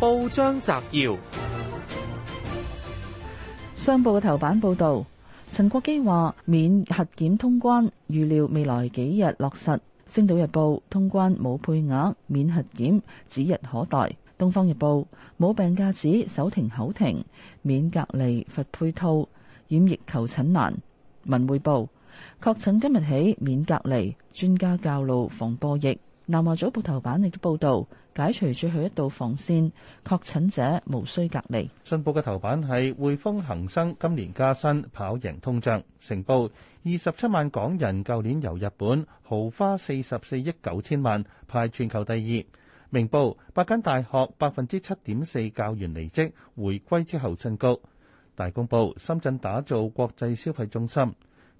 報章摘要：商報嘅頭版報道，陳國基話免核檢通關，預料未來幾日落實。星島日報：通關冇配額，免核檢指日可待。東方日報：冇病假紙，手停口停，免隔離罰配套，染疫求診難。文匯報：確診今日起免隔離，專家教路防波疫。南華早報頭版亦都報道，解除最後一道防線，確診者無需隔離。信報嘅頭版係匯豐恒生今年加薪跑贏通脹。成報，二十七萬港人舊年遊日本，豪花四十四億九千萬，排全球第二。明報，八間大學百分之七點四教員離職，回歸之後升高。大公報，深圳打造國際消費中心。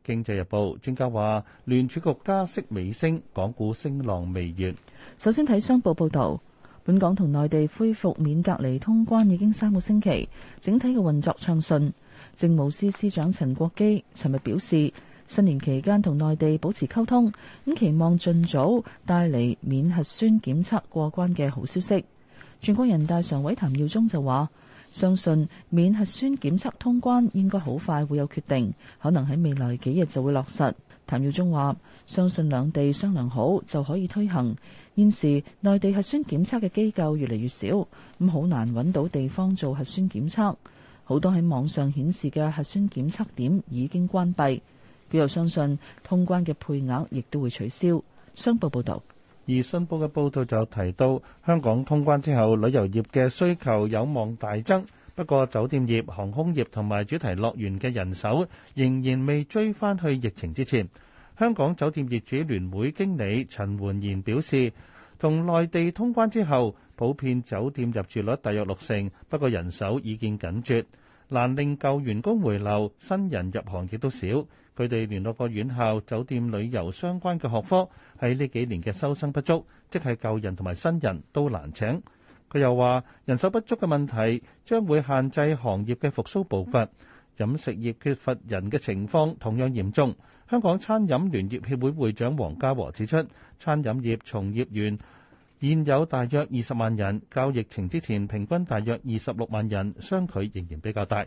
經濟日報專家話，聯儲局加息尾聲，港股升浪未完。首先睇商報報道，本港同內地恢復免隔離通關已經三個星期，整體嘅運作暢順。政務司司長陳國基尋日表示，新年期間同內地保持溝通，咁期望盡早帶嚟免核酸檢測過關嘅好消息。全國人大常委譚耀宗就話，相信免核酸檢測通關應該好快會有決定，可能喺未來幾日就會落實，譚耀宗話相信兩地商量好就可以推行。現時內地核酸檢測嘅機構越嚟越少，咁好難揾到地方做核酸檢測，好多喺網上顯示嘅核酸檢測點已經關閉，佢又相信通關嘅配額亦都會取消。商報報道。而新報嘅報道就提到，香港通關之後，旅遊業嘅需求有望大增。不過，酒店業、航空業同埋主題樂園嘅人手仍然未追翻去疫情之前。香港酒店業主聯會經理陳桓然表示，同內地通關之後，普遍酒店入住率大約六成，不過人手已見緊絀。難令舊員工回流，新人入行亦都少。佢哋聯絡過院校、酒店、旅遊相關嘅學科，喺呢幾年嘅收生不足，即係舊人同埋新人都難請。佢又話，人手不足嘅問題將會限制行業嘅復甦步伐。飲食業缺乏人嘅情況同樣嚴重。香港餐飲聯業協會會長黃家和指出，餐飲業從業員現有大約二十萬人，較疫情之前平均大約二十六萬人，相距仍然比較大。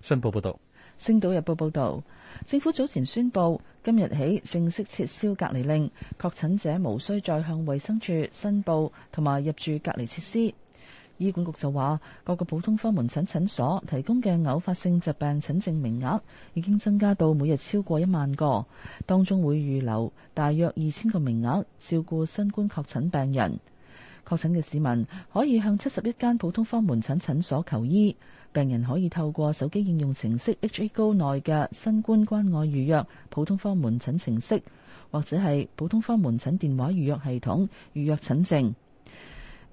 信報報道，《星島日報》報道，政府早前宣布，今日起正式撤銷隔離令，確診者無需再向衛生署申報同埋入住隔離設施。醫管局就話，各個普通科門診診所提供嘅偶發性疾病診症名額，已經增加到每日超過一萬個，當中會預留大約二千個名額照顧新冠確診病人。確診嘅市民可以向七十一間普通科門診診所求醫，病人可以透過手機應用程式 HA Go 內嘅新冠關愛預約普通科門診程式，或者係普通科門診電話預約系統預約診症。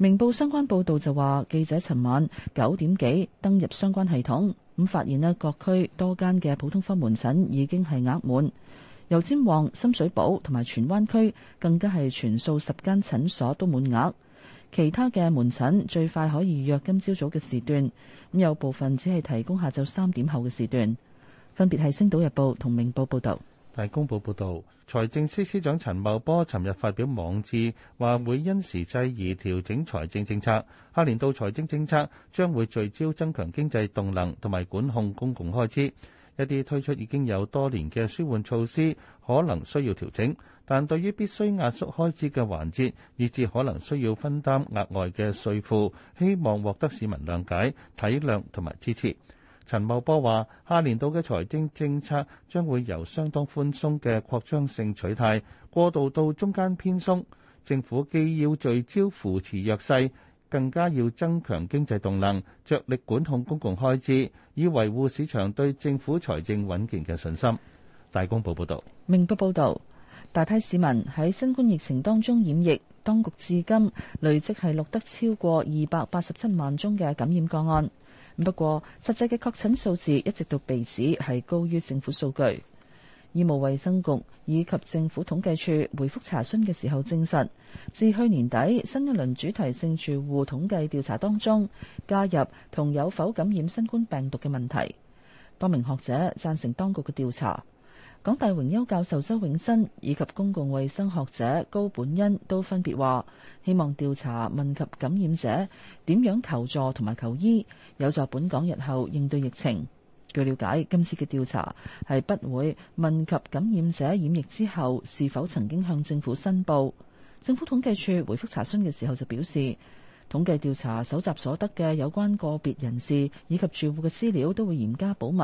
明報相關報道就話，記者尋晚九點幾登入相關系統咁，發現咧各區多間嘅普通科門診已經係額滿，油尖旺、深水埗同埋荃灣區更加係全數十間診所都滿額。其他嘅門診最快可以預約今朝早嘅時段，咁有部分只係提供下晝三點後嘅時段。分別係《星島日報》同《明報》報道。大公報報導，財政司司長陳茂波尋日發表網誌，話會因時制宜調整財政政策。下年度財政政策將會聚焦增強經濟動能同埋管控公共開支。一啲推出已經有多年嘅舒緩措施，可能需要調整，但對於必須壓縮開支嘅環節，以至可能需要分擔額外嘅稅負，希望獲得市民諒解、體諒同埋支持。陳茂波話：下年度嘅財政政策將會由相當寬鬆嘅擴張性取態過渡到中間偏鬆。政府既要聚焦扶持弱勢，更加要增強經濟動能，着力管控公共開支，以維護市場對政府財政穩健嘅信心。大公報報道，明報報道，大批市民喺新冠疫情當中染疫，當局至今累積係錄得超過二百八十七萬宗嘅感染個案。不過，實際嘅確診數字一直到被指係高於政府數據。醫務衛生局以及政府統計處回覆查詢嘅時候證實自去年底新一輪主題性住戶統計調查當中加入同有否感染新冠病毒嘅問題，多名學者贊成當局嘅調查。港大榮休教授周永新以及公共衛生學者高本恩都分別話：希望調查問及感染者點樣求助同埋求醫，有助本港日後應對疫情。據了解，今次嘅調查係不會問及感染者染疫之後是否曾經向政府申報。政府統計處回覆查詢嘅時候就表示，統計調查搜集所得嘅有關個別人士以及住戶嘅資料都會嚴加保密，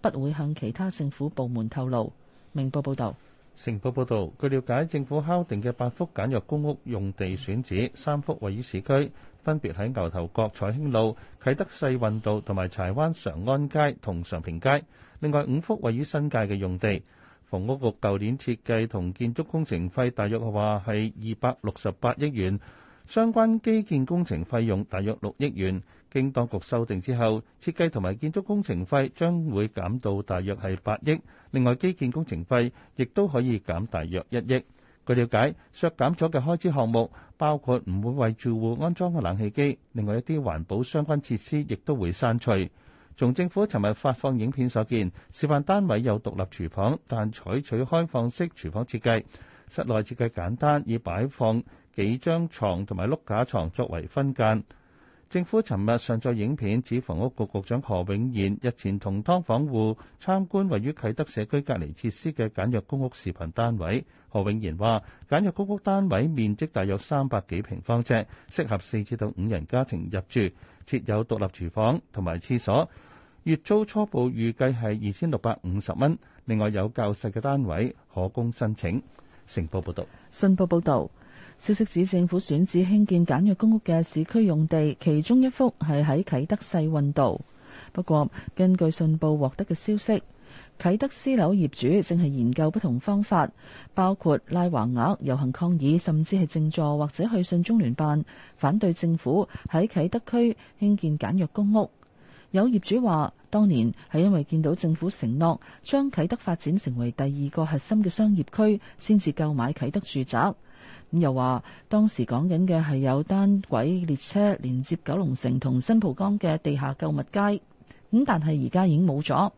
不會向其他政府部門透露。明報報導，晴報報導，據瞭解，政府敲定嘅八幅簡約公屋用地選址，三幅位於市區，分別喺牛頭角彩興路、啟德世運道同埋柴灣常安街同常平街。另外五幅位於新界嘅用地，房屋局舊年設計同建築工程費大約話係二百六十八億元。相關基建工程費用大約六億元，經當局修訂之後，設計同埋建築工程費將會減到大約係八億。另外基建工程費亦都可以減大約一億。據了解，削減咗嘅開支項目包括唔會為住戶安裝嘅冷氣機，另外一啲環保相關設施亦都會刪除。從政府尋日發放影片所見，示範單位有獨立廚房，但採取開放式廚房設計。室內設計簡單，以擺放幾張床同埋碌架床作為分間。政府尋日上載影片，指房屋局局長何永賢日前同劏房戶參觀位於啟德社區隔離設施嘅簡約公屋視頻單位。何永賢話：簡約公屋單位面積大約三百幾平方尺，適合四至到五人家庭入住，設有獨立廚房同埋廁所。月租初步預計係二千六百五十蚊。另外有較細嘅單位可供申請。成報報道，信報報道，消息指政府選址興建簡約公屋嘅市區用地，其中一幅係喺啟德世運道。不過，根據信報獲得嘅消息，啟德私樓業主正係研究不同方法，包括拉橫額、遊行抗議，甚至係靜坐，或者去信中聯辦反對政府喺啟德區興建簡約公屋。有業主話：當年係因為見到政府承諾將啟德發展成為第二個核心嘅商業區，先至購買啟德住宅。咁又話當時講緊嘅係有單軌列車連接九龍城同新蒲崗嘅地下購物街。咁但係而家已經冇咗。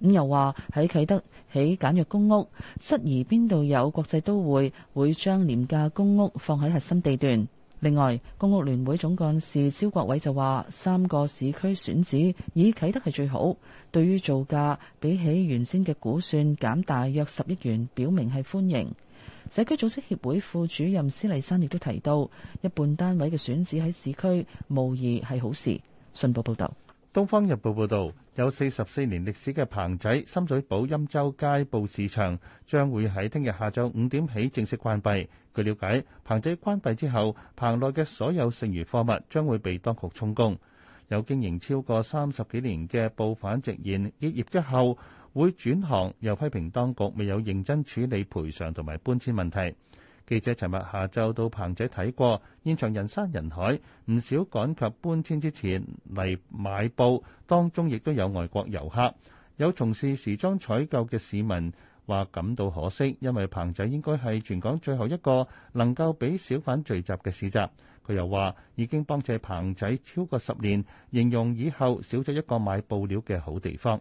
咁又話喺啟德起簡約公屋，質疑邊度有國際都會會將廉價公屋放喺核心地段。另外，公屋聯會總幹事招國偉就話：三個市區選址以啟德係最好。對於造價，比起原先嘅估算減大約十億元，表明係歡迎。社區組織協會副主任施麗珊亦都提到，一半單位嘅選址喺市區，無疑係好事。信報報道。《東方日報》報導，有四十四年歷史嘅棚仔深水埗欽州街布市場將會喺聽日下晝五點起正式關閉。據了解，棚仔關閉之後，棚內嘅所有剩餘貨物將會被當局充公。有經營超過三十幾年嘅布販直言，結業之後會轉行，又批評當局未有認真處理賠償同埋搬遷問題。記者尋日下晝到棚仔睇過，現場人山人海，唔少趕及搬遷之前嚟買布，當中亦都有外國遊客。有從事時裝採購嘅市民話感到可惜，因為棚仔應該係全港最後一個能夠俾小販聚集嘅市集。佢又話已經幫襯棚仔超過十年，形容以後少咗一個買布料嘅好地方。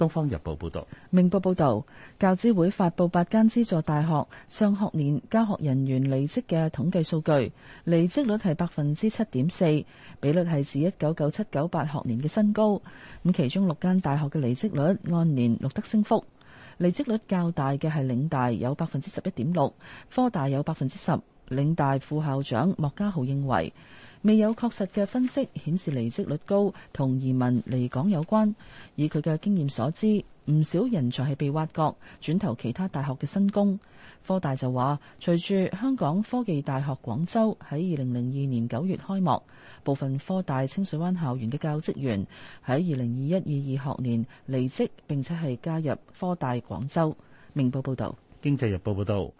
《東方日報》報道。《明報》報道，教資會發布八間資助大學上學年教學人員離職嘅統計數據，離職率係百分之七點四，比率係自一九九七九八學年嘅新高。咁其中六間大學嘅離職率按年錄得升幅，離職率較大嘅係嶺大，有百分之十一點六，科大有百分之十。嶺大副校長莫家豪認為。未有確實嘅分析顯示離職率高同移民離港有關，以佢嘅經驗所知，唔少人才係被挖角，轉投其他大學嘅新工。科大就話，隨住香港科技大學廣州喺二零零二年九月開幕，部分科大清水灣校園嘅教職員喺二零二一二二學年離職，並且係加入科大廣州。明報報道。經濟日報報道。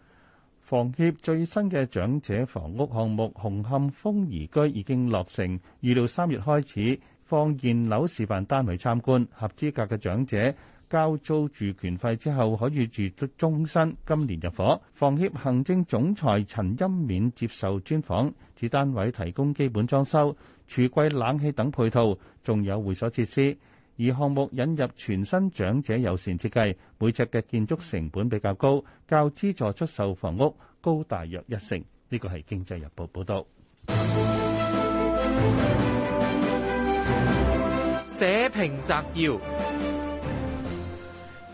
房協最新嘅長者房屋項目紅磡豐宜居已經落成，預料三月開始放現樓示範單位參觀。合資格嘅長者交租住權費之後，可以住到終身。今年入伙，房協行政總裁陳欽勉接受專訪，指單位提供基本裝修、櫥櫃、冷氣等配套，仲有會所設施。而項目引入全新長者友善設計，每尺嘅建築成本比較高，較資助出售房屋高大約一成。呢個係《經濟日報》報導。社評摘要：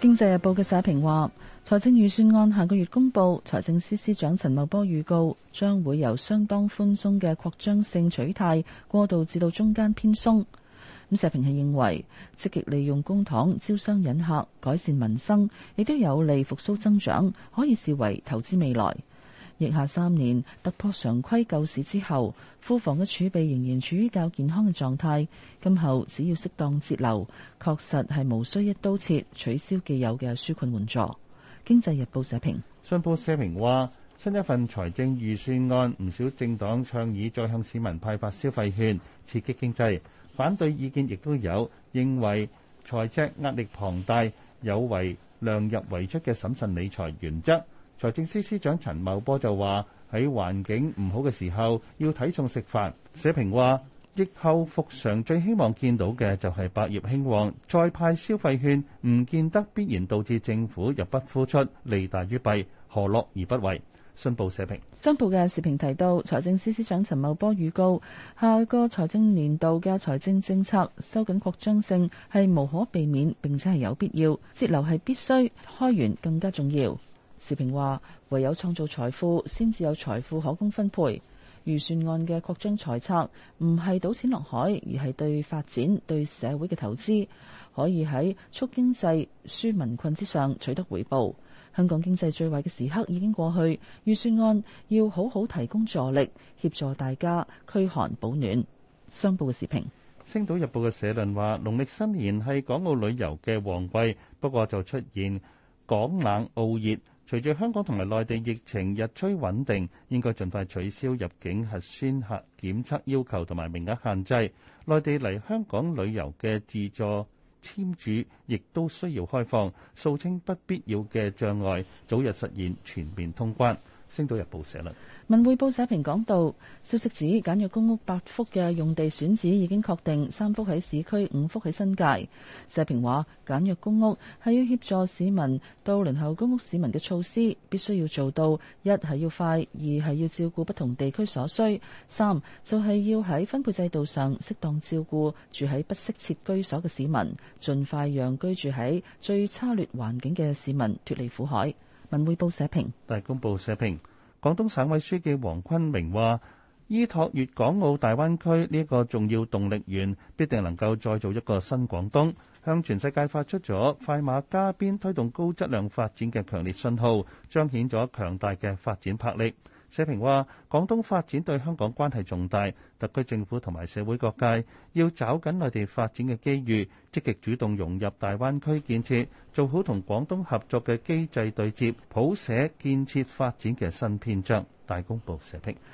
經濟日報嘅社評話，財政預算案下個月公布，財政司司長陳茂波預告將會由相當寬鬆嘅擴張性取態過渡至到中間偏鬆。咁社評係認為，積極利用公帑招商引客，改善民生，亦都有利復蘇增長，可以視為投資未來。疫下三年突破常規救市之後，庫房嘅儲備仍然處於較健康嘅狀態。今後只要適當節流，確實係無需一刀切取消既有嘅紓困援助。經濟日報社評，商報社評話。新一份財政預算案，唔少政黨倡議再向市民派發消費券，刺激經濟。反對意見亦都有，認為財政壓力龐大，有違量入為出嘅審慎理財原則。財政司司長陳茂波就話：喺環境唔好嘅時候，要睇餸食飯。社評話：疫後復常最希望見到嘅就係百業興旺，再派消費券唔見得必然導致政府入不敷出，利大於弊，何樂而不為？信報社評，信報嘅時評提到，財政司司長陳茂波預告，下個財政年度嘅財政政策收緊擴張性係無可避免，並且係有必要節流係必須，開源更加重要。時評話，唯有創造財富，先至有財富可供分配。預算案嘅擴張財策唔係賭錢落海，而係對發展對社會嘅投資，可以喺促經濟、舒民困之上取得回報。香港經濟最壞嘅時刻已經過去，預算案要好好提供助力，協助大家驅寒保暖。商報嘅時評，《星島日報》嘅社論話，農曆新年係港澳旅遊嘅旺季，不過就出現港冷澳熱。隨住香港同埋內地疫情日趨穩定，應該盡快取消入境核酸核檢測要求同埋名額限制。內地嚟香港旅遊嘅自助。簽署亦都需要開放，掃清不必要嘅障礙，早日實現全面通關。星島日報寫啦。文匯報社評講到，消息指簡約公屋八幅嘅用地選址已經確定，三幅喺市區，五幅喺新界。社評話簡約公屋係要協助市民到輪候公屋市民嘅措施，必須要做到一係要快，二係要照顧不同地區所需，三就係、是、要喺分配制度上適當照顧住喺不適切居所嘅市民，盡快讓居住喺最差劣環境嘅市民脱離苦海。文匯報社評，大公報社評。廣東省委書記黃坤明話，依託粵港澳大灣區呢一個重要動力源，必定能夠再造一個新廣東，向全世界發出咗快馬加鞭推動高質量發展嘅強烈信號，彰顯咗強大嘅發展魄力。社評話：廣東發展對香港關係重大，特區政府同埋社會各界要找緊內地發展嘅機遇，積極主動融入大灣區建設，做好同廣東合作嘅機制對接，譜寫建設發展嘅新篇章。大公報社評。